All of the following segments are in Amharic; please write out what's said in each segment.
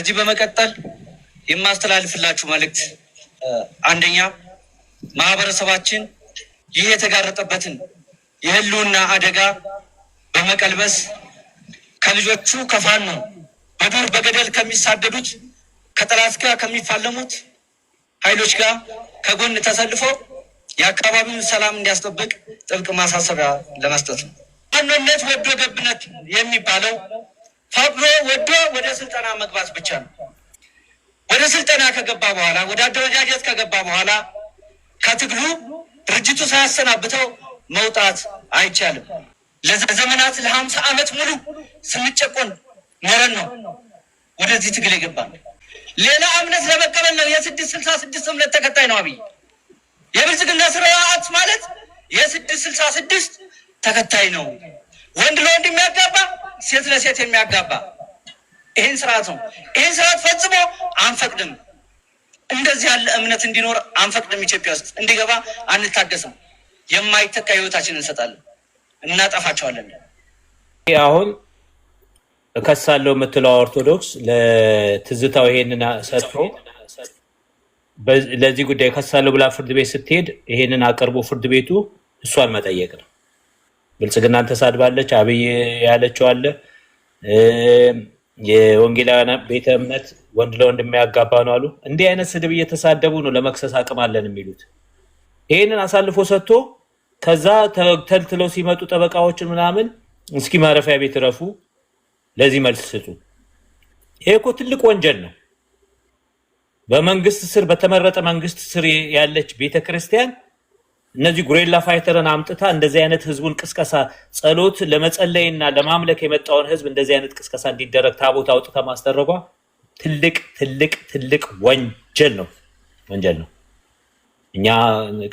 ከዚህ በመቀጠል የማስተላልፍላችሁ መልእክት አንደኛ ማህበረሰባችን ይህ የተጋረጠበትን የህልውና አደጋ በመቀልበስ ከልጆቹ ከፋኖ በዱር በገደል ከሚሳደዱት ከጠላት ጋር ከሚፋለሙት ኃይሎች ጋር ከጎን ተሰልፎ የአካባቢውን ሰላም እንዲያስጠብቅ ጥብቅ ማሳሰቢያ ለመስጠት ነው። ፋኖነት ወዶ ገብነት የሚባለው ፈቅዶ ወዶ ወደ ስልጠና መግባት ብቻ ነው። ወደ ስልጠና ከገባ በኋላ ወደ አደረጃጀት ከገባ በኋላ ከትግሉ ድርጅቱ ሳያሰናብተው መውጣት አይቻልም። ለዘመናት ለሀምሳ ዓመት ሙሉ ስንጨቆን ኖረን ነው ወደዚህ ትግል ይገባል። ሌላ እምነት ለመቀበል ነው። የስድስት ስልሳ ስድስት እምነት ተከታይ ነው አብይ። የብልጽግና ስርዓት ማለት የስድስት ስልሳ ስድስት ተከታይ ነው። ወንድ ለወንድ የሚያጋባ ሴት ለሴት የሚያጋባ ይህን ስርዓት ነው። ይህን ስርዓት ፈጽሞ አንፈቅድም። እንደዚህ ያለ እምነት እንዲኖር አንፈቅድም። ኢትዮጵያ ውስጥ እንዲገባ አንታገስም። የማይተካ ህይወታችን እንሰጣለን፣ እናጠፋቸዋለን። አሁን እከሳለሁ የምትለው ኦርቶዶክስ ለትዝታው ይሄንን ሰጥቶ ለዚህ ጉዳይ እከሳለሁ ብላ ፍርድ ቤት ስትሄድ ይሄንን አቅርቦ ፍርድ ቤቱ እሷን መጠየቅ ነው። ብልጽግናን ተሳድባለች። አብይ ያለችው አለ። ቤተ እምነት ወንድ ለወንድ የሚያጋባ ነው አሉ። እንዲህ አይነት ስድብ እየተሳደቡ ነው ለመክሰስ አቅም አለን የሚሉት። ይህንን አሳልፎ ሰጥቶ ከዛ ተልትለው ሲመጡ ጠበቃዎችን ምናምን እስኪ ማረፊያ ቤት ረፉ፣ ለዚህ መልስ ስጡ። ይሄ እኮ ትልቅ ወንጀል ነው። በመንግስት ስር በተመረጠ መንግስት ስር ያለች ቤተክርስቲያን እነዚህ ጉሬላ ፋይተርን አምጥታ እንደዚህ አይነት ህዝቡን ቅስቀሳ ጸሎት ለመጸለይና ለማምለክ የመጣውን ህዝብ እንደዚህ አይነት ቅስቀሳ እንዲደረግ ታቦት አውጥታ ማስደረጓ ትልቅ ትልቅ ትልቅ ወንጀል ነው፣ ወንጀል ነው። እኛ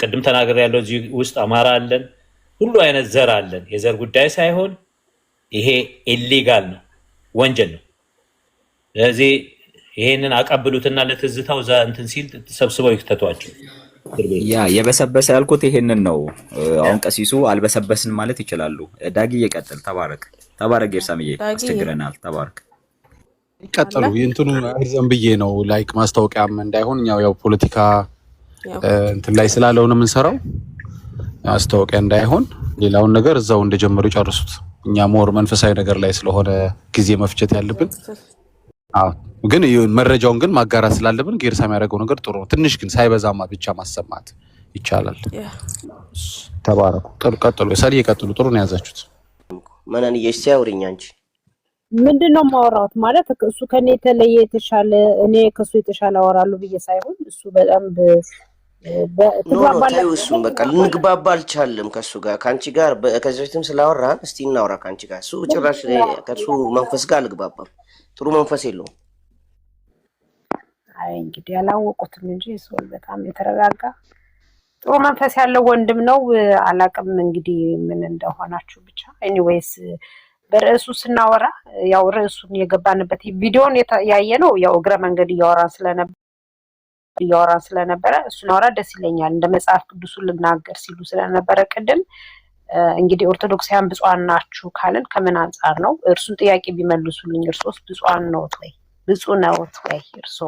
ቅድም ተናገር ያለው እዚህ ውስጥ አማራ አለን፣ ሁሉ አይነት ዘር አለን። የዘር ጉዳይ ሳይሆን ይሄ ኢሊጋል ነው፣ ወንጀል ነው። ስለዚህ ይሄንን አቀብሉትና ለትዝታው ዛ እንትን ሲል ሰብስበው ይክተቷቸው። ያ የበሰበሰ ያልኩት ይሄንን ነው። አሁን ቀሲሱ አልበሰበስን ማለት ይችላሉ። ዳጊ እየቀጥል ተባረክ፣ ተባረክ። ኤርሳምዬ አስቸግረናል። ተባረክ፣ ይቀጥሉ። ይንትኑ አይዘን ብዬ ነው ላይክ ማስታወቂያም እንዳይሆን ያው ያው ፖለቲካ እንትን ላይ ነው የምንሰራው ማስታወቂያ እንዳይሆን፣ ሌላውን ነገር እዛው እንደጀመሩ ጨርሱት። እኛ ሞር መንፈሳዊ ነገር ላይ ስለሆነ ጊዜ መፍጀት ያለብን ግን መረጃውን ግን ማጋራት ስላለብን ጌርሳ የሚያደርገው ነገር ጥሩ ነው። ትንሽ ግን ሳይበዛማ ብቻ ማሰማት ይቻላል። ተባረኩ። ጥሩ ቀጥሉ፣ ሰልዬ ቀጥሉ። ጥሩ ነው የያዛችሁት። መነን እስኪ አውሪኝ አንቺ። ምንድን ነው ማወራት ማለት እሱ ከኔ የተለየ የተሻለ እኔ ከእሱ የተሻለ አወራሉ ብዬ ሳይሆን እሱ በጣም ኖኖታዩ እሱም በቃ ልንግባባ አልቻለም ከሱ ጋር ከአንቺ ጋር ከዚህ በፊትም ስላወራን እስቲ እናውራ ከአንቺ ጋር እሱ ጭራሽ ከእሱ መንፈስ ጋር አልግባባም ጥሩ መንፈስ የለውም። አይ እንግዲህ ያላወቁትም እንጂ ሰው በጣም የተረጋጋ ጥሩ መንፈስ ያለው ወንድም ነው። አላቅም እንግዲህ ምን እንደሆናችሁ ብቻ። ኤኒዌይስ በርዕሱ ስናወራ ያው ርዕሱን የገባንበት ቪዲዮን ያየ ነው። ያው እግረ መንገድ እያወራን ስለነበረ እያወራን ስለነበረ እሱን አወራ ደስ ይለኛል እንደ መጽሐፍ ቅዱሱ ልናገር ሲሉ ስለነበረ ቅድም እንግዲህ ኦርቶዶክሳውያን ብፁዓን ናችሁ ካልን ከምን አንጻር ነው? እርሱን ጥያቄ ቢመልሱልኝ። እርሶስ ብፁዓን ነዎት ወይ? ብፁ ነዎት ወይ እርሶ?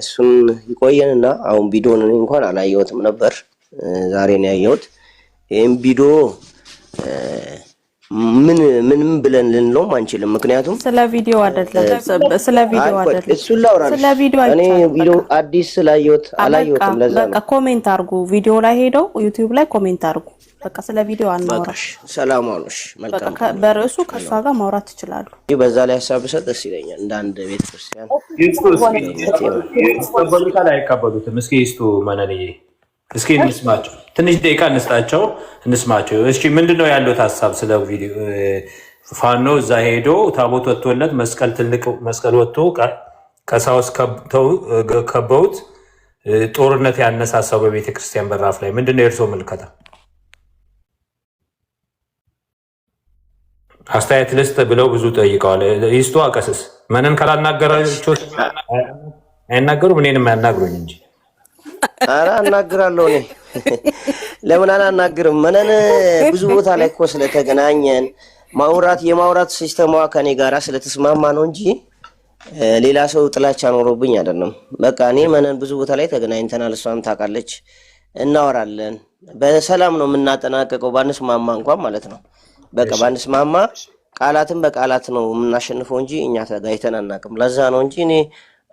እሱን ይቆየንና አሁን ቪዲዮን እኔ እንኳን አላየሁትም ነበር፣ ዛሬ ነው ያየሁት። ይህም ቪዲዮ ምን ምንም ብለን ልንለውም አንችልም። ምክንያቱም ስለ ቪዲዮ አይደለም ስለ ቪዲዮ አይደለም እሱን ላውራልሽ። ስለ ቪዲዮ እኔ ቪዲዮ አዲስ ስላየሁት አላየሁትም። ለዛ በቃ ኮሜንት አርጉ፣ ቪዲዮ ላይ ሄደው ዩቲዩብ ላይ ኮሜንት አርጉ። በቃ ስለ ቪዲዮ አናወራሽ። ሰላም አሉሽ። መልካም በርዕሱ ከእሷ ጋር ማውራት ትችላሉ። በዛ ላይ ሀሳብ ብሰጥ ደስ ይለኛል። እንደ አንድ ቤተክርስቲያን ላይ አይካበዱትም። እስኪ ይስቱ መነንዬ እስኪ እንስማቸው፣ ትንሽ ደቂቃ እንስጣቸው፣ እንስማቸው። እሺ ምንድን ነው ያሉት ሀሳብ ስለ ፋኖ እዛ ሄዶ ታቦት ወጥቶለት መስቀል ትልቅ መስቀል ወጥቶ ቀሳውስ ከበውት ጦርነት ያነሳሳው በቤተክርስቲያን በራፍ ላይ ምንድን ነው የእርስዎ ምልከታ? አስተያየት ልስጥ ብለው ብዙ ጠይቀዋል። ይስጡ አቀስስ መንን ካላናገራቸው አይናገሩም፣ እኔንም አያናግሩኝ እንጂ አረ አናግራለሁ እኔ ለምን አላናግርም? መነን ብዙ ቦታ ላይ እኮ ስለተገናኘን ማውራት የማውራት ሲስተማ ከኔ ጋራ ስለተስማማ ነው እንጂ ሌላ ሰው ጥላቻ ኖሮብኝ አይደለም። በቃ እኔ መነን ብዙ ቦታ ላይ ተገናኝተናል፣ እሷም ታውቃለች፣ እናወራለን። በሰላም ነው የምናጠናቀቀው፣ ባንስማማ እንኳን ማለት ነው። በቃ ባንስማማ ቃላትን በቃላት ነው የምናሸንፈው እንጂ እኛ ተጋይተን አናውቅም። ለዛ ነው እንጂ እኔ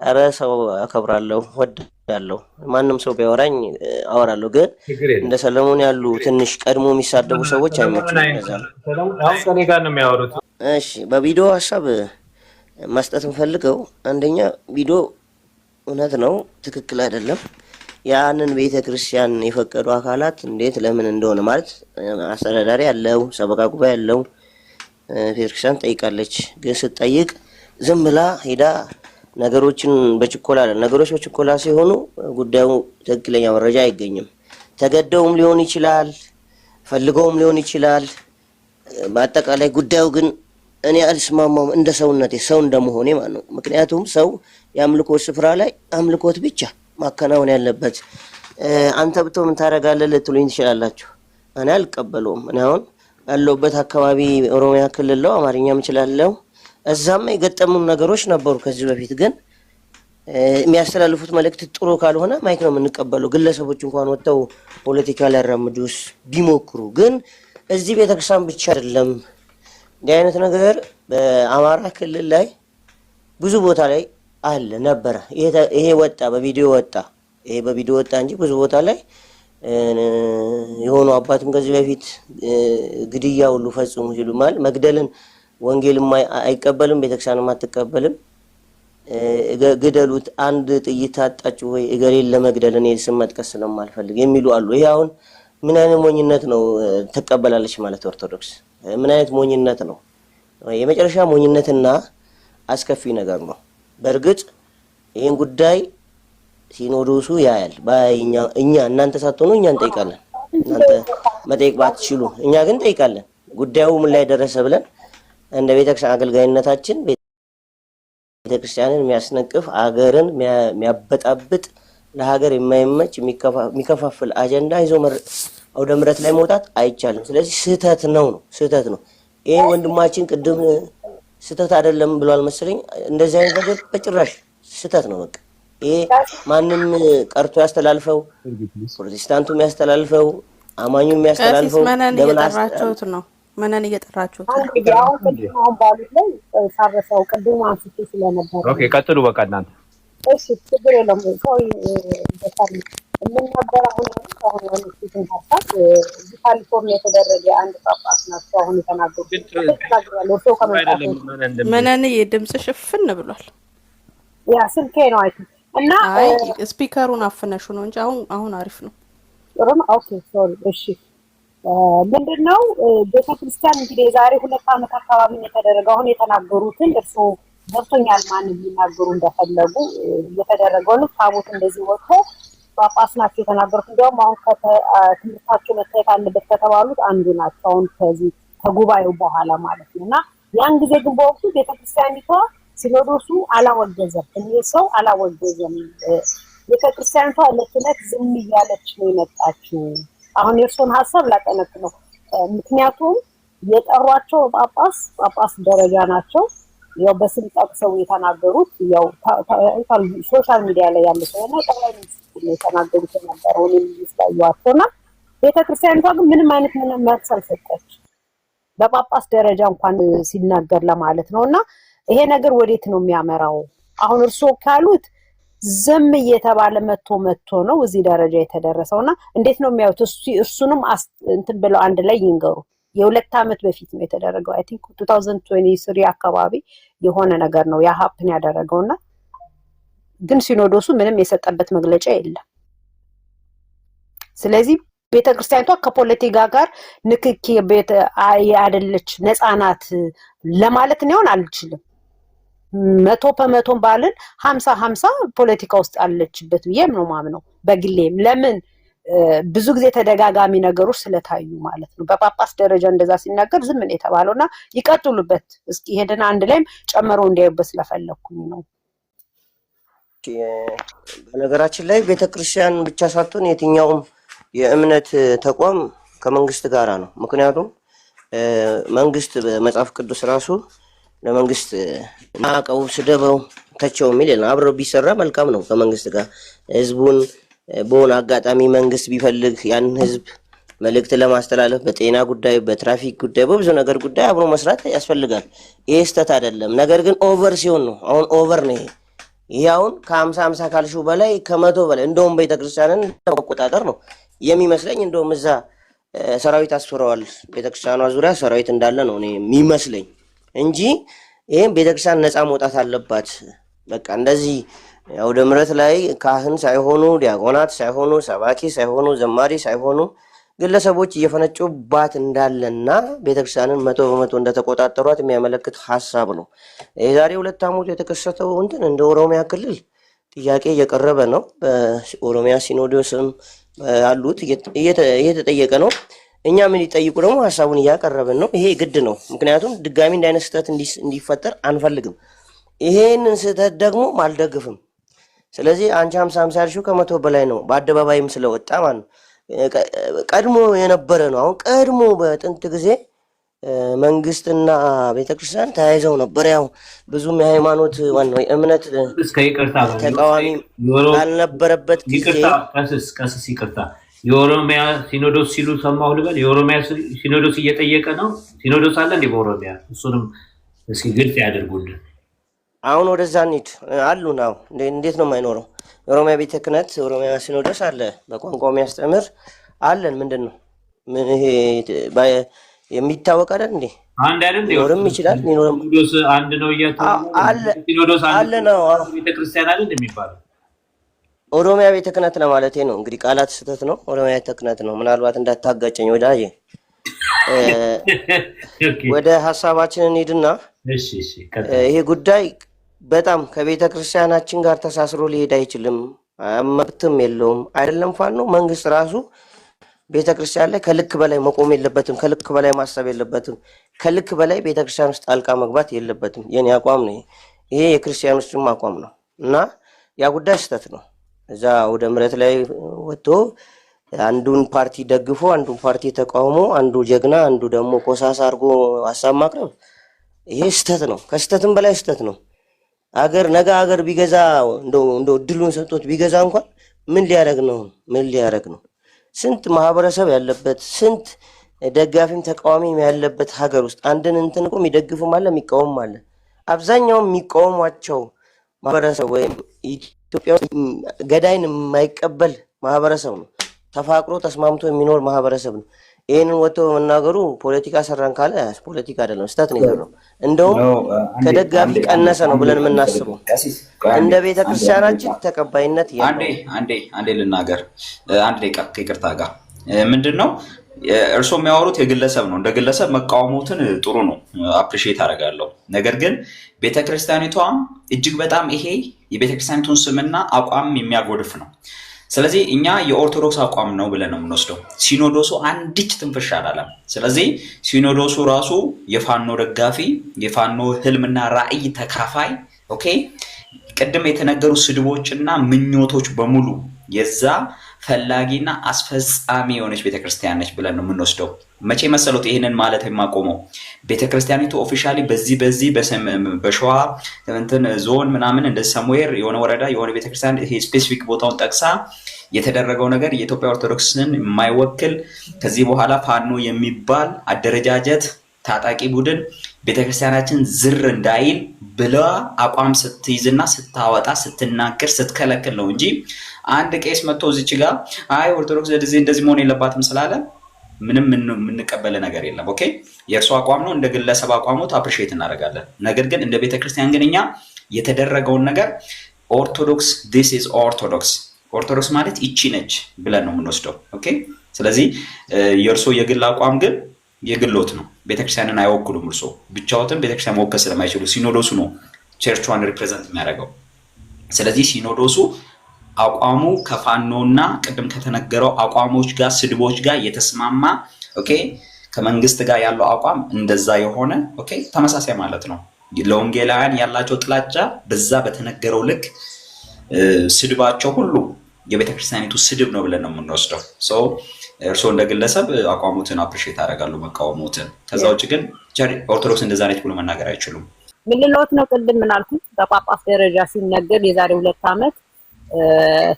ኧረ ሰው አከብራለሁ፣ ወዳለሁ። ማንም ሰው ቢያወራኝ አወራለሁ። ግን እንደ ሰለሞን ያሉ ትንሽ ቀድሞ የሚሳደቡ ሰዎች አይመችም። እሺ፣ በቪዲዮ ሀሳብ መስጠት እንፈልገው። አንደኛ ቪዲዮ እውነት ነው፣ ትክክል አይደለም። ያንን ቤተ ክርስቲያን የፈቀዱ አካላት እንዴት ለምን እንደሆነ ማለት አስተዳዳሪ ያለው ሰበካ ጉባኤ ያለው ቤተክርስቲያን ጠይቃለች ግን ስትጠይቅ ዝም ብላ ሄዳ ነገሮችን በችኮላ ነገሮች በችኮላ ሲሆኑ ጉዳዩ ትክክለኛ መረጃ አይገኝም። ተገደውም ሊሆን ይችላል፣ ፈልገውም ሊሆን ይችላል። በአጠቃላይ ጉዳዩ ግን እኔ አልስማማውም፣ እንደ ሰውነቴ ሰው እንደመሆኔ ማለት ነው። ምክንያቱም ሰው የአምልኮት ስፍራ ላይ አምልኮት ብቻ ማከናወን ያለበት። አንተ ብቶ ምን ታደርጋለህ ልትሉኝ ትችላላችሁ። እኔ አልቀበለውም። እኔ አሁን ያለሁበት አካባቢ ኦሮሚያ ክልል ነው። አማርኛም እችላለሁ እዛማ የገጠሙ ነገሮች ነበሩ ከዚህ በፊት ግን የሚያስተላልፉት መልእክት ጥሩ ካልሆነ ማይክ ነው የምንቀበለው። ግለሰቦች እንኳን ወጥተው ፖለቲካ ሊያራምዱስ ቢሞክሩ ግን እዚህ ቤተክርስቲያን ብቻ አይደለም እንዲህ አይነት ነገር በአማራ ክልል ላይ ብዙ ቦታ ላይ አለ ነበረ። ይሄ ወጣ በቪዲዮ ወጣ፣ ይሄ በቪዲዮ ወጣ እንጂ ብዙ ቦታ ላይ የሆኑ አባትም ከዚህ በፊት ግድያ ሁሉ ፈጽሙ ሲሉ መግደልን ወንጌልም አይቀበልም፣ ቤተክርስቲያንም አትቀበልም። ግደሉት፣ አንድ ጥይት አጣችሁ ወይ እገሌን ለመግደል እኔ ስም መጥቀስ ስለማልፈልግ የሚሉ አሉ። ይሄ አሁን ምን አይነት ሞኝነት ነው? ትቀበላለች ማለት ኦርቶዶክስ ምን አይነት ሞኝነት ነው? የመጨረሻ ሞኝነትና አስከፊ ነገር ነው። በእርግጥ ይህን ጉዳይ ሲኖዶሱ ያያል። እኛ እናንተ ሳትሆኑ እኛ እንጠይቃለን። እናንተ መጠየቅ ባትችሉ እኛ ግን እንጠይቃለን። ጉዳዩ ምን ላይ ደረሰ ብለን እንደ ቤተክርስቲያን አገልጋይነታችን ቤተክርስቲያንን የሚያስነቅፍ አገርን የሚያበጣብጥ ለሀገር የማይመች የሚከፋፍል አጀንዳ ይዞ አውደ ምረት ላይ መውጣት አይቻልም። ስለዚህ ስህተት ነው ነው ስህተት ነው። ይሄ ወንድማችን ቅድም ስህተት አይደለም ብሏል መሰለኝ። እንደዚህ አይነት ነገር በጭራሽ ስህተት ነው። በቃ ይህ ማንም ቀርቶ ያስተላልፈው፣ ፕሮቴስታንቱ የሚያስተላልፈው፣ አማኙ የሚያስተላልፈው ነው። ምንን እየጠራችሁት? አሁን ባሉት ላይ ሳረሰው ቅድም አንስቶ ስለነበረ ቀጥሉ። በቃ እናንተ እሺ፣ ችግር የለም። የምናገር አሁን አሁን ሀሳብ ካሊፎርኒያ የተደረገ አንድ ጳጳስ ናቸው አሁን የተናገሩት። ምንን ድምፅሽ ሽፍን ብሏል። ያ ስልኬ ነው አይቱ እና ስፒከሩን አፍነሹ ነው እንጂ አሁን አሁን አሪፍ ነው። ኦኬ ሶሪ እሺ ምንድን ነው ቤተክርስቲያን እንግዲህ የዛሬ ሁለት ዓመት አካባቢ የተደረገ አሁን የተናገሩትን እርስዎ ገብቶኛል፣ ማን የሚናገሩ እንደፈለጉ የተደረገውን ታቦት እንደዚህ ወጥቶ ጳጳስ ናቸው የተናገሩት። እንዲያውም አሁን ትምህርታቸው መታየት አለበት ከተባሉት አንዱ ናቸው። አሁን ከዚህ ከጉባኤው በኋላ ማለት ነው እና ያን ጊዜ ግን በወቅቱ ቤተክርስቲያኒቷ ሲኖዶሱ አላወገዘም፣ እኔ ሰው አላወገዘም። ቤተክርስቲያኒቷ ዕለት ዕለት ዝም እያለች ነው የመጣችው አሁን የእርሶን ሀሳብ ላጠነቅ ነው። ምክንያቱም የጠሯቸው ጳጳስ ጳጳስ ደረጃ ናቸው። ያው በስም ጠቅሰው የተናገሩት ያው ሶሻል ሚዲያ ላይ ያለ ሰው ጠቅላይ ሚኒስትር የተናገሩት የነበረውን የሚስታዩቸው እና ቤተክርስቲያኒቷ ግን ምንም አይነት ምንም መርስ አልሰጠች በጳጳስ ደረጃ እንኳን ሲናገር ለማለት ነው። እና ይሄ ነገር ወዴት ነው የሚያመራው? አሁን እርስዎ ካሉት ዝም እየተባለ መቶ መቶ ነው እዚህ ደረጃ የተደረሰው እና እንዴት ነው የሚያዩት? እሱንም እንትን ብለው አንድ ላይ ይንገሩ። የሁለት ዓመት በፊት ነው የተደረገው። አይ ቲንክ ቱ ታውዘንድ ትዌንቲ ስሪ አካባቢ የሆነ ነገር ነው የሀፕን ያደረገው እና ግን ሲኖዶሱ ምንም የሰጠበት መግለጫ የለም። ስለዚህ ቤተክርስቲያኒቷ ከፖለቲካ ጋር ንክኪ አይደለች ነፃ ናት ለማለት ሊሆን አልችልም። መቶ በመቶን ባልን ሀምሳ ሀምሳ ፖለቲካ ውስጥ አለችበት ብዬም ነው ማምነው በግሌም ለምን ብዙ ጊዜ ተደጋጋሚ ነገሮች ስለታዩ ማለት ነው። በጳጳስ ደረጃ እንደዛ ሲናገር ዝም ነው የተባለው እና ይቀጥሉበት እስኪ ሄደን አንድ ላይም ጨምሮ እንዲያዩበት ስለፈለግኩኝ ነው። በነገራችን ላይ ቤተክርስቲያን ብቻ ሳትሆን የትኛውም የእምነት ተቋም ከመንግስት ጋራ ነው። ምክንያቱም መንግስት በመጽሐፍ ቅዱስ ራሱ ለመንግስት ማዕቀቡ ስደበው ተቸው የሚል አብረው ቢሰራ መልካም ነው። ከመንግስት ጋር ህዝቡን በሆነ አጋጣሚ መንግስት ቢፈልግ ያንን ህዝብ መልእክት ለማስተላለፍ በጤና ጉዳይ፣ በትራፊክ ጉዳይ፣ በብዙ ነገር ጉዳይ አብሮ መስራት ያስፈልጋል። ይሄ ስህተት አይደለም። ነገር ግን ኦቨር ሲሆን ነው። አሁን ኦቨር ነው ይሄ ይህ አሁን ከሀምሳ ሀምሳ ካልሹ በላይ ከመቶ በላይ እንደውም ቤተክርስቲያንን መቆጣጠር ነው የሚመስለኝ። እንደውም እዛ ሰራዊት አስፍረዋል ቤተክርስቲያኗ ዙሪያ ሰራዊት እንዳለ ነው እኔ የሚመስለኝ። እንጂ ይህም ቤተክርስቲያን ነፃ መውጣት አለባት። በቃ እንደዚህ አውደ ምሕረት ላይ ካህን ሳይሆኑ ዲያቆናት ሳይሆኑ ሰባኪ ሳይሆኑ ዘማሪ ሳይሆኑ ግለሰቦች እየፈነጩባት እንዳለና ቤተክርስቲያንን መቶ በመቶ እንደተቆጣጠሯት የሚያመለክት ሀሳብ ነው። የዛሬ ሁለት ዓመቱ የተከሰተው እንትን እንደ ኦሮሚያ ክልል ጥያቄ እየቀረበ ነው። በኦሮሚያ ሲኖዶስም ያሉት እየተጠየቀ ነው። እኛ ምን ይጠይቁ ደግሞ ሀሳቡን እያቀረብን ነው። ይሄ ግድ ነው። ምክንያቱም ድጋሚ እንዲህ አይነት ስህተት እንዲፈጠር አንፈልግም። ይሄንን ስህተት ደግሞ አልደግፍም። ስለዚህ አንቺ ሀምሳ ሀምሳ ያልሺው ከመቶ በላይ ነው። በአደባባይም ስለወጣ ማለት ነው። ቀድሞ የነበረ ነው። አሁን ቀድሞ በጥንት ጊዜ መንግስትና ቤተክርስቲያን ተያይዘው ነበር። ያው ብዙም የሃይማኖት ዋናው የእምነት ተቃዋሚ ባልነበረበት ጊዜ ቀስስ ይቅርታ የኦሮሚያ ሲኖዶስ ሲሉ ሰማሁ ልበል። የኦሮሚያ ሲኖዶስ እየጠየቀ ነው። ሲኖዶስ አለ እንዴ በኦሮሚያ? እሱንም እስኪ ግልጽ ያደርጉልን። አሁን ወደዛ እንሂድ አሉ አዎ እንዴት ነው የማይኖረው? የኦሮሚያ ቤተ ክህነት የኦሮሚያ ሲኖዶስ አለ። በቋንቋ የሚያስተምር አለን። ምንድን ነው የሚታወቅ አይደል እንዴ? ሊኖርም ይችላል። ሲኖዶስ አንድ ነው እያለ አለ ነው ቤተክርስቲያን አይደል የሚባለው ኦሮሚያ ቤተ ክህነት ማለት ነው። እንግዲህ ቃላት ስህተት ነው። ኦሮሚያ ቤተ ክህነት ነው። ምናልባት እንዳታጋጨኝ ወዳጄ፣ ወደ ሀሳባችን እንሂድና ይሄ ጉዳይ በጣም ከቤተ ክርስቲያናችን ጋር ተሳስሮ ሊሄድ አይችልም፣ መብትም የለውም። አይደለም ፋኖ መንግስት ራሱ ቤተ ክርስቲያን ላይ ከልክ በላይ መቆም የለበትም፣ ከልክ በላይ ማሰብ የለበትም፣ ከልክ በላይ ቤተ ክርስቲያን ውስጥ ጣልቃ መግባት የለበትም። የኔ አቋም ነው። ይሄ የክርስቲያኖችም አቋም ነው እና ያ ጉዳይ ስህተት ነው። እዛ ወደ ምረት ላይ ወጥቶ አንዱን ፓርቲ ደግፎ አንዱን ፓርቲ ተቃውሞ አንዱ ጀግና አንዱ ደግሞ ቆሳሳ አድርጎ ሀሳብ ማቅረብ ይሄ ስህተት ነው። ከስህተትም በላይ ስህተት ነው። አገር ነገ አገር ቢገዛ እንደ እድሉን ሰጥቶት ቢገዛ እንኳን ምን ሊያደረግ ነው? ምን ሊያደረግ ነው? ስንት ማህበረሰብ ያለበት ስንት ደጋፊም ተቃዋሚም ያለበት ሀገር ውስጥ አንድን እንትን እኮ የሚደግፉም አለ የሚቃወምም አለ። አብዛኛውም የሚቃወሟቸው ማህበረሰብ ወይም ኢትዮጵያ ውስጥ ገዳይን የማይቀበል ማህበረሰብ ነው። ተፋቅሮ ተስማምቶ የሚኖር ማህበረሰብ ነው። ይህንን ወጥቶ በመናገሩ ፖለቲካ ሰራን ካለ ፖለቲካ አይደለም፣ ስህተት ነገር ነው። እንደውም ከደጋፊ ቀነሰ ነው ብለን የምናስበው። እንደ ቤተ ክርስቲያናችን ተቀባይነት አንዴ ልናገር፣ አንድ ደቂቃ ከይቅርታ ጋር ምንድን ነው እርስዎ የሚያወሩት የግለሰብ ነው። እንደ ግለሰብ መቃወሙትን ጥሩ ነው፣ አፕሪሺየት አደርጋለሁ። ነገር ግን ቤተክርስቲያኒቷ እጅግ በጣም ይሄ የቤተክርስቲያኒቱን ስምና አቋም የሚያጎድፍ ነው። ስለዚህ እኛ የኦርቶዶክስ አቋም ነው ብለን ነው የምንወስደው። ሲኖዶሱ አንድች ትንፍሻ አላለም። ስለዚህ ሲኖዶሱ ራሱ የፋኖ ደጋፊ፣ የፋኖ ህልምና ራዕይ ተካፋይ ኦኬ። ቅድም የተነገሩ ስድቦችና ምኞቶች በሙሉ የዛ ፈላጊና አስፈጻሚ የሆነች ቤተክርስቲያን ነች ብለን ነው የምንወስደው። መቼ መሰሉት ይህንን ማለት የማቆመው ቤተክርስቲያኒቱ ኦፊሻሊ በዚህ በዚህ በሸዋ እንትን ዞን ምናምን እንደ ሰሙዌር የሆነ ወረዳ የሆነ ቤተክርስቲያን ስፔሲፊክ ቦታውን ጠቅሳ የተደረገው ነገር የኢትዮጵያ ኦርቶዶክስን የማይወክል ከዚህ በኋላ ፋኖ የሚባል አደረጃጀት ታጣቂ ቡድን ቤተክርስቲያናችን ዝር እንዳይል ብለዋ አቋም ስትይዝና ስታወጣ ስትናገር ስትከለክል ነው እንጂ አንድ ቄስ መጥቶ እዚች ጋር አይ ኦርቶዶክስ ዘድዜ እንደዚህ መሆን የለባትም ስላለ ምንም የምንቀበለ ነገር የለም። ኦኬ የእርሱ አቋም ነው፣ እንደ ግለሰብ አቋሞት አፕሪሼት እናደርጋለን። ነገር ግን እንደ ቤተክርስቲያን ግን እኛ የተደረገውን ነገር ኦርቶዶክስ ዲስ ኢዝ ኦርቶዶክስ ኦርቶዶክስ ማለት ይቺ ነች ብለን ነው የምንወስደው። ኦኬ ስለዚህ የእርሶ የግል አቋም ግን የግሎት ነው። ቤተክርስቲያንን አይወክሉም። እርሶ ብቻዎትን ቤተክርስቲያን መወከል ስለማይችሉ ሲኖዶሱ ነው ቸርቿን ሪፕሬዘንት የሚያደርገው። ስለዚህ ሲኖዶሱ አቋሙ ከፋኖና ቅድም ከተነገረው አቋሞች ጋር ስድቦች ጋር የተስማማ ኦኬ፣ ከመንግስት ጋር ያለው አቋም እንደዛ የሆነ ኦኬ፣ ተመሳሳይ ማለት ነው። ለወንጌላውያን ያላቸው ጥላቻ በዛ በተነገረው ልክ ስድባቸው ሁሉ የቤተክርስቲያኒቱ ስድብ ነው ብለን ነው የምንወስደው። እርስዎ እንደ ግለሰብ አቋሙትን አፕሪሼት አደርጋለሁ መቃወሞትን። ከዛ ውጭ ግን ኦርቶዶክስ እንደዛ ነች ብሎ መናገር አይችሉም። ምን ነው? ቅድም ምናልኩ በጳጳስ ደረጃ ሲነገር የዛሬ ሁለት ዓመት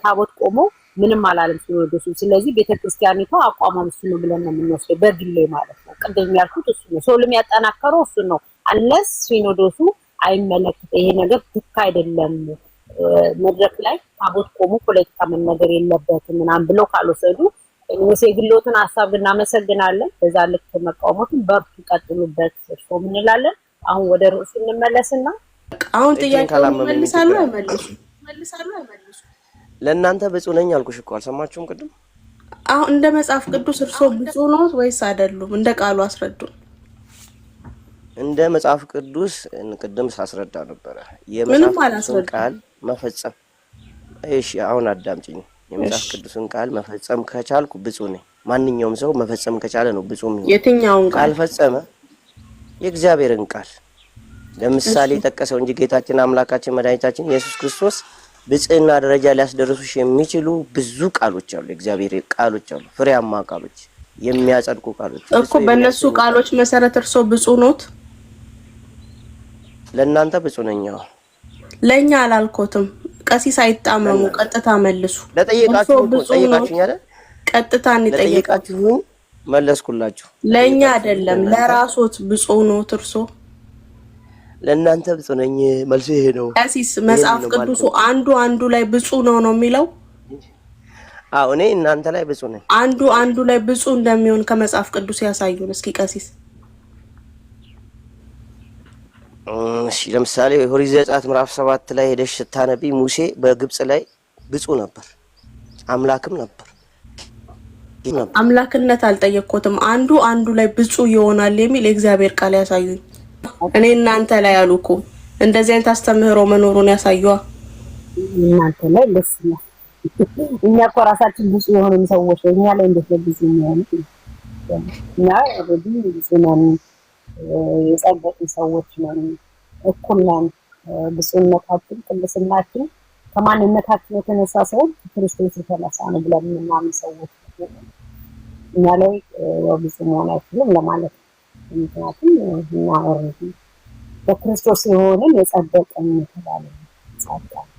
ታቦት ቆሞ ምንም አላለም ሲኖዶሱ። ስለዚህ ቤተክርስቲያኒቷ አቋሟም እሱ ነው ብለን ነው የምንወስደው፣ በግሌ ማለት ነው። ቅድም ያልኩት እሱ ነው። ሰው የሚያጠናከረው እሱ ነው። አለስ ሲኖዶሱ አይመለከት ይሄ ነገር ትክ አይደለም መድረክ ላይ ታቦት ቆሞ ፖለቲካ መነገር የለበትም ምናምን ብለው ካልወሰዱ ሙሴ ግሎትን ሀሳብ እናመሰግናለን። በዛ ልክ መቃወሞትን በርቱ ቀጥሉበት እርሶ ምንላለን። አሁን ወደ ርዕሱ እንመለስና አሁን ጥያቄ መልሳሉ አይመልሱ መልሳሉ አይመልሱ ለእናንተ ብፁዕ ነኝ አልኩሽ እኮ አልሰማችሁም? ቅድም አሁን እንደ መጽሐፍ ቅዱስ እርሶ ብፁ ነው ወይስ አይደሉም? እንደ ቃሉ አስረዱ። እንደ መጽሐፍ ቅዱስ ቅድም ሳስረዳ ነበረ። የመጽሐፍ ቃል መፈጸም። እሺ አሁን አዳምጪኝ የመጽሐፍ ቅዱስን ቃል መፈጸም ከቻልኩ ብፁ ነኝ። ማንኛውም ሰው መፈጸም ከቻለ ነው ብፁ የሚሆነው። የትኛውን ቃል ፈጸመ? የእግዚአብሔርን ቃል ለምሳሌ ጠቀሰው እንጂ ጌታችን አምላካችን መድኃኒታችን ኢየሱስ ክርስቶስ ብጽህና ደረጃ ሊያስደርሱሽ የሚችሉ ብዙ ቃሎች አሉ። እግዚአብሔር ቃሎች አሉ፣ ፍሬያማ ቃሎች፣ የሚያጸድቁ ቃሎች እኮ በእነሱ ቃሎች መሰረት እርሶ ብፁ ኖት። ለእናንተ ብፁ ነኝ። ለእኛ አላልኮትም ቀሲ ሳይጣመሙ ቀጥታ መልሱ። ቀጥታ እንጠይቃችሁ መለስኩላችሁ። ለእኛ አይደለም ለራሶት ብፁዕ ኖት እርሶ ለእናንተ ብፁዕ ነኝ። መልሱ ይሄ ነው። ቀሲስ መጽሐፍ ቅዱሱ አንዱ አንዱ ላይ ብፁዕ ነው ነው የሚለው? አዎ እኔ እናንተ ላይ ብፁዕ ነኝ። አንዱ አንዱ ላይ ብፁዕ እንደሚሆን ከመጽሐፍ ቅዱስ ያሳዩን እስኪ ቀሲስ እሺ ለምሳሌ ኦሪት ዘጸአት ምዕራፍ ሰባት ላይ ሄደሽ ስታነቢ ሙሴ በግብጽ ላይ ብፁ ነበር፣ አምላክም ነበር። አምላክነት አልጠየቅኩትም። አንዱ አንዱ ላይ ብፁ ይሆናል የሚል የእግዚአብሔር ቃል ያሳዩኝ። እኔ እናንተ ላይ አሉኩ እንደዚህ አይነት አስተምህሮ መኖሩን ያሳዩዋ። እናንተ ላይ ደስ ይላል። እኛ እኮ ራሳችን ብፁዕ የሆኑ ሰዎች እኛ ላይ እንዴት ነው ብፁዕ ነው የጸደቅን ሰዎች ነን፣ እኩል ነን። ብፁዕነታችን ቅድስናችን ከማንነታችን የተነሳ ሰዎች ክርስቶስ የተነሳ ነው ብለን የምናምን ሰዎች እኛ ላይ ያው መሆን አይችልም ለማለት ነው። ምክንያቱም እና በክርስቶስ የሆንን የጸደቅን የተባለ ጻድቃን